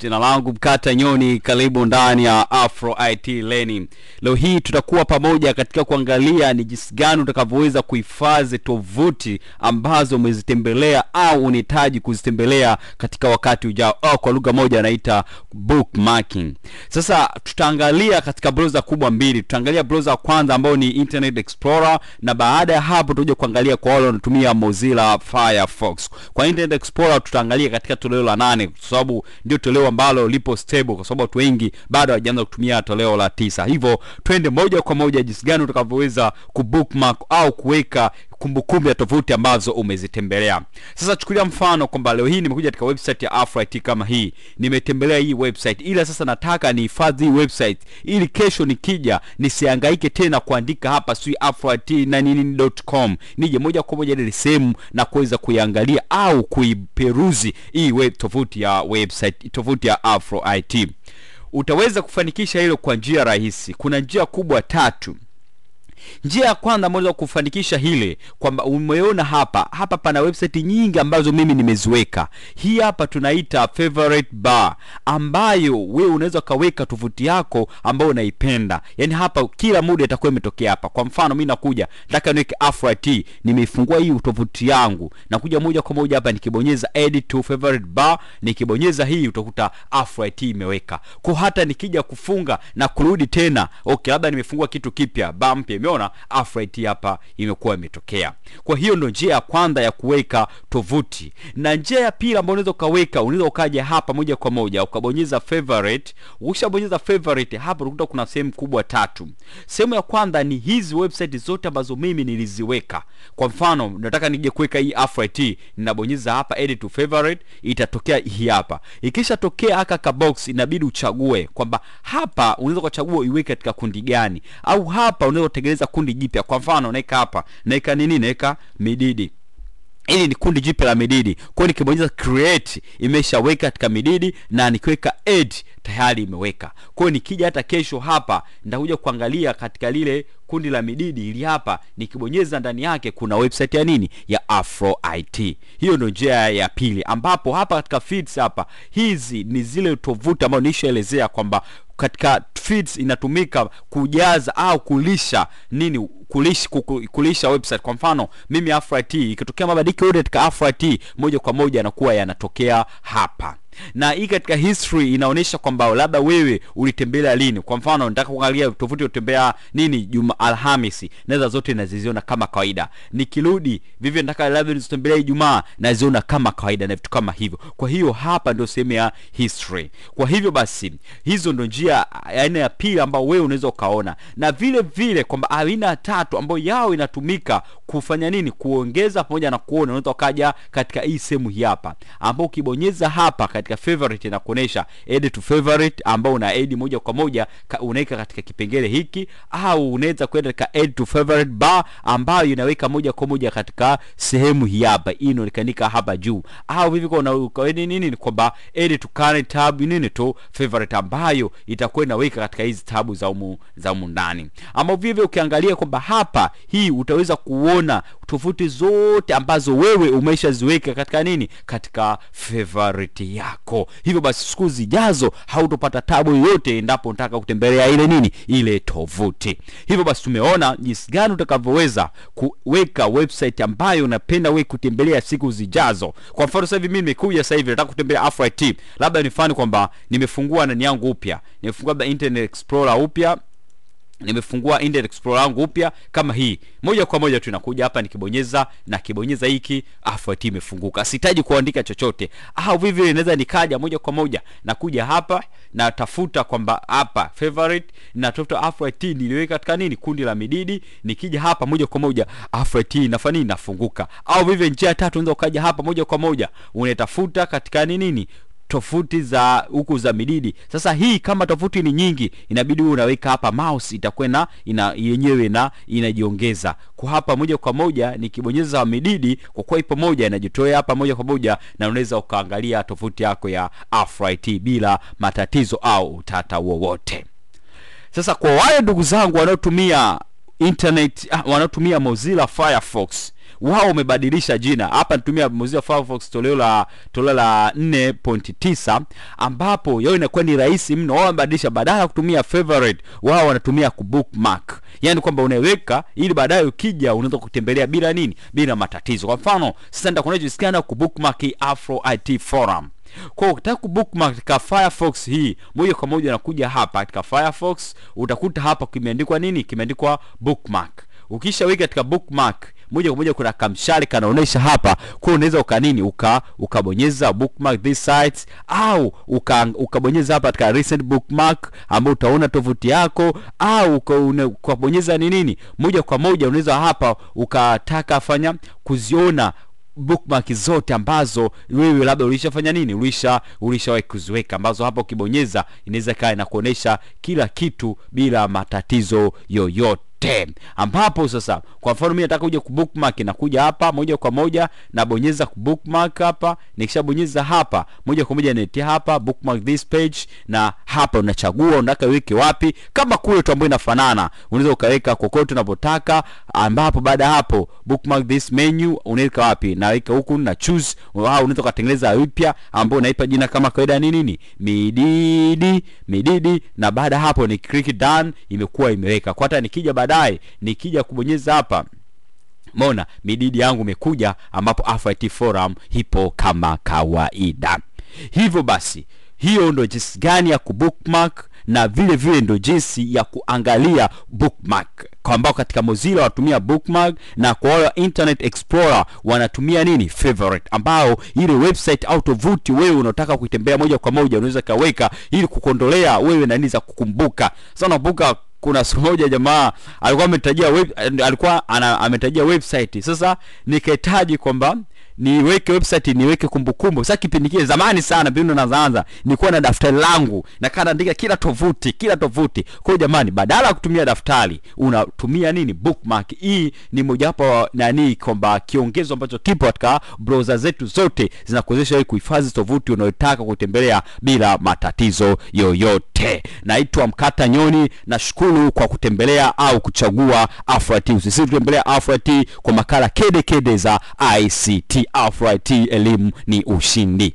Jina langu Mkata Nyoni, karibu ndani ya Afro IT leni Leo hii tutakuwa pamoja katika kuangalia ni jinsi gani utakavyoweza kuhifadhi tovuti ambazo umezitembelea au unahitaji kuzitembelea katika wakati ujao, au kwa lugha moja anaita bookmarking. Sasa tutaangalia katika browser kubwa mbili, tutaangalia browser ya kwanza ambayo ni Internet Explorer, na baada ya hapo tutakuja kuangalia kwa wale wanatumia Mozilla Firefox. Kwa Internet Explorer tutaangalia katika toleo la nane kwa sababu ndio toleo toleo ambalo lipo stable, kwa sababu watu wengi bado hawajaanza kutumia toleo la tisa. Hivyo twende moja kwa moja jinsi gani utakavyoweza kubookmark au kuweka kumbukumbu ya tofauti ambazo umezitembelea. Sasa chukulia mfano kwamba leo hii nimekuja katika website ya Afroit kama hii, nimetembelea hii website, ila sasa nataka nihifadhi hii website ili kesho nikija nisihangaike tena kuandika hapa sijui Afroit na nini.com, nije moja kwa moja ile sehemu na kuweza kuiangalia au kuiperuzi hii web tofauti ya website tofauti ya Afroit. Utaweza kufanikisha hilo kwa njia rahisi. Kuna njia kubwa tatu Njia ya kwanza ambayo kufanikisha hile kwamba umeona hapa hapa, pana website nyingi ambazo mimi nimeziweka. Hii hapa tunaita favorite bar, ambayo wewe unaweza ukaweka tovuti yako ambayo unaipenda. Yani hapa kila muda itakuwa imetokea hapa. Kwa mfano mimi nakuja nataka niweke afrit nimeifungua hii tovuti yangu, nakuja moja kwa moja hapa nikibonyeza add to favorite bar, nikibonyeza hii utakuta afrit imeweka kwa. Hata nikija kufunga na kurudi tena, okay, labda nimefungua kitu kipya, bar mpya tunaona Afrit hapa imekuwa imetokea. Kwa hiyo ndo njia ya kwanza ya kuweka tovuti, na njia ya pili ambayo unaweza ukaweka, unaweza ukaja hapa moja kwa moja ukabonyeza favorite. Ukishabonyeza favorite hapa unakuta kuna sehemu kubwa tatu. Sehemu ya kwanza ni hizi website zote ambazo mimi niliziweka. Kwa mfano, nataka nije kuweka hii Afrit, ninabonyeza hapa edit to favorite, itatokea hii hapa. Ikishatokea aka kabox, inabidi uchague kwamba hapa unaweza kuchagua iweke katika kundi gani, au hapa unaweza kutengeneza naleta kundi jipya. Kwa mfano naika hapa, naika nini? Naika mididi ili ni kundi jipya la mididi. Kwa hiyo nikibonyeza create imeshaweka katika mididi, na nikiweka add tayari imeweka. Kwa hiyo nikija hata kesho hapa nitakuja kuangalia katika lile kundi la mididi ili hapa nikibonyeza ndani yake kuna website ya nini ya Afro IT. Hiyo ndio njia ya pili, ambapo hapa katika feeds hapa hizi ni zile tovuti ambazo nishaelezea kwamba katika feeds inatumika kujaza au kulisha nini kulisha, kulisha website kwa mfano mimi afrit ikitokea mabadiliko yote katika afrit moja kwa moja yanakuwa yanatokea hapa na hii katika history inaonyesha kwamba labda wewe ulitembelea lini. Kwa mfano nataka kuangalia tofauti utembea nini Juma Alhamisi, naweza zote naziziona kama kawaida. Nikirudi vivyo nataka labda nizitembelee Ijumaa, naziona kama kawaida na vitu kama hivyo. Kwa hiyo hapa ndio sehemu ya history. Kwa hivyo basi, hizo ndio njia aina ya pili ambayo wewe unaweza ukaona, na vile vile kwamba aina tatu ambayo yao inatumika kufanya nini, kuongeza pamoja na kuona, unaweza ukaja katika hii sehemu hii hapa, ambapo ukibonyeza hapa katika katika favorite na kuonesha add to favorite, ambao una add moja kwa moja unaweka katika kipengele hiki, au unaweza kwenda katika add to favorite bar ambayo inaweka moja kwa moja katika sehemu hii hapa, hii inaonekanika hapa juu, au hivi kwa unaweka nini ni kwamba add to current tab nini tu favorite, ambayo itakuwa inaweka katika hizi tabu za umu za umu ndani, ama vivyo ukiangalia kwamba hapa hii utaweza kuona tofauti zote ambazo wewe umeshaziweka katika nini, katika favorite yako yako hivyo basi siku zijazo hautopata tabu yoyote endapo unataka kutembelea ile nini ile tovuti hivyo basi tumeona jinsi gani utakavyoweza kuweka website ambayo unapenda we kutembelea siku zijazo kwa mfano sasa hivi mimi nimekuja sasa hivi nataka kutembelea afrit labda nifani kwamba nimefungua nani yangu upya nimefungua internet explorer upya nimefungua index explorer yangu upya kama hii moja kwa moja tu tunakuja hapa nikibonyeza na kibonyeza hiki afu ati imefunguka sihitaji kuandika chochote au vivyo inaweza nikaja moja kwa moja nakuja hapa na tafuta kwamba hapa favorite na tafuta afu ati niliweka katika nini kundi la mididi nikija hapa moja kwa moja afu ati inafanya nini nafunguka au vivyo njia tatu unaweza ukaja hapa moja kwa moja unatafuta katika nini tofauti za huku za mididi. Sasa hii kama tofauti ni nyingi, inabidi wewe unaweka hapa mouse na ina yenyewe na inajiongeza kwa hapa moja kwa moja. Nikibonyeza mididi kwa kuwa ipo moja, inajitoa hapa moja kwa moja, na unaweza ukaangalia tofauti yako ya Afrit bila matatizo au utata wowote. Sasa kwa wale ndugu zangu wanaotumia internet, ah, wanaotumia Mozilla Firefox wao wamebadilisha jina. Hapa nitumia Mozilla Firefox toleo la toleo la 4.9 ambapo yao inakuwa ni rahisi mno. Wao wamebadilisha, badala ya kutumia favorite wao wanatumia kubookmark, yaani kwamba unaweka ili baadaye ukija unaweza kutembelea bila nini, bila matatizo. Kwa mfano sasa nitakuonyesha na kubookmark Afro IT Forum kwa ukitaka kubookmark katika Firefox hii moja kwa moja unakuja hapa katika Firefox, utakuta hapa kimeandikwa nini? Kimeandikwa bookmark. Ukishaweka katika bookmark moja kwa moja kuna kamshale kanaonesha hapa kwa unaweza uka nini uka ukabonyeza bookmark this site au uka, ukabonyeza hapa katika recent bookmark ambayo utaona tovuti yako au ukabonyeza ni nini moja kwa moja unaweza hapa ukataka fanya kuziona bookmark zote ambazo wewe labda ulishafanya nini ulisha ulishawahi kuziweka ambazo hapa ukibonyeza inaweza kaa inakuonyesha kila kitu bila matatizo yoyote yote, ambapo sasa kwa mfano mimi nataka kuja kubookmark, nakuja hapa moja kwa moja nabonyeza kubookmark hapa. Nikishabonyeza hapa moja kwa moja naletea hapa bookmark this page, na hapa unachagua unataka iweke wapi, kama kule tu ambayo inafanana, unaweza ukaweka kokote unavyotaka, ambapo baada hapo bookmark this menu unaweka wapi, naweka huku na choose wow, unaweza kutengeneza upya ambayo unaipa jina kama kawaida ni mididi mididi, na baada hapo ni click done, imekuwa imeweka kwa hata nikija baada baadaye nikija kubonyeza hapa mona mididi yangu imekuja ambapo FIT forum hipo kama kawaida hivyo basi hiyo ndo jinsi gani ya kubookmark na vile vile ndo jinsi ya kuangalia bookmark ambao katika mozilla wanatumia bookmark na kwa wale internet explorer wanatumia nini favorite ambao ile website au tovuti wewe unaotaka kuitembea moja kwa moja unaweza kaweka ili kukondolea wewe nani za kukumbuka sasa kuna siku moja jamaa alikuwa ametajia web, alikuwa ametajia website. Sasa nikahitaji kwamba niweke website niweke kumbukumbu. Sasa kipindi kile zamani sana, mbinu nazaanza, nilikuwa na daftari langu nakaa naandika kila tovuti kila tovuti. Kwa jamani, badala ya kutumia daftari unatumia nini? Bookmark. Hii ni mojawapo nani, kwamba kiongezo ambacho kipo katika browser zetu zote, zinakuwezesha wewe kuhifadhi tovuti unayotaka kutembelea bila matatizo yoyote. Naitwa Mkata Nyoni, nashukuru kwa kutembelea au kuchagua Afra TV. kutembelea kwa makala kede kede za ICT. Afro elimu ni ushindi.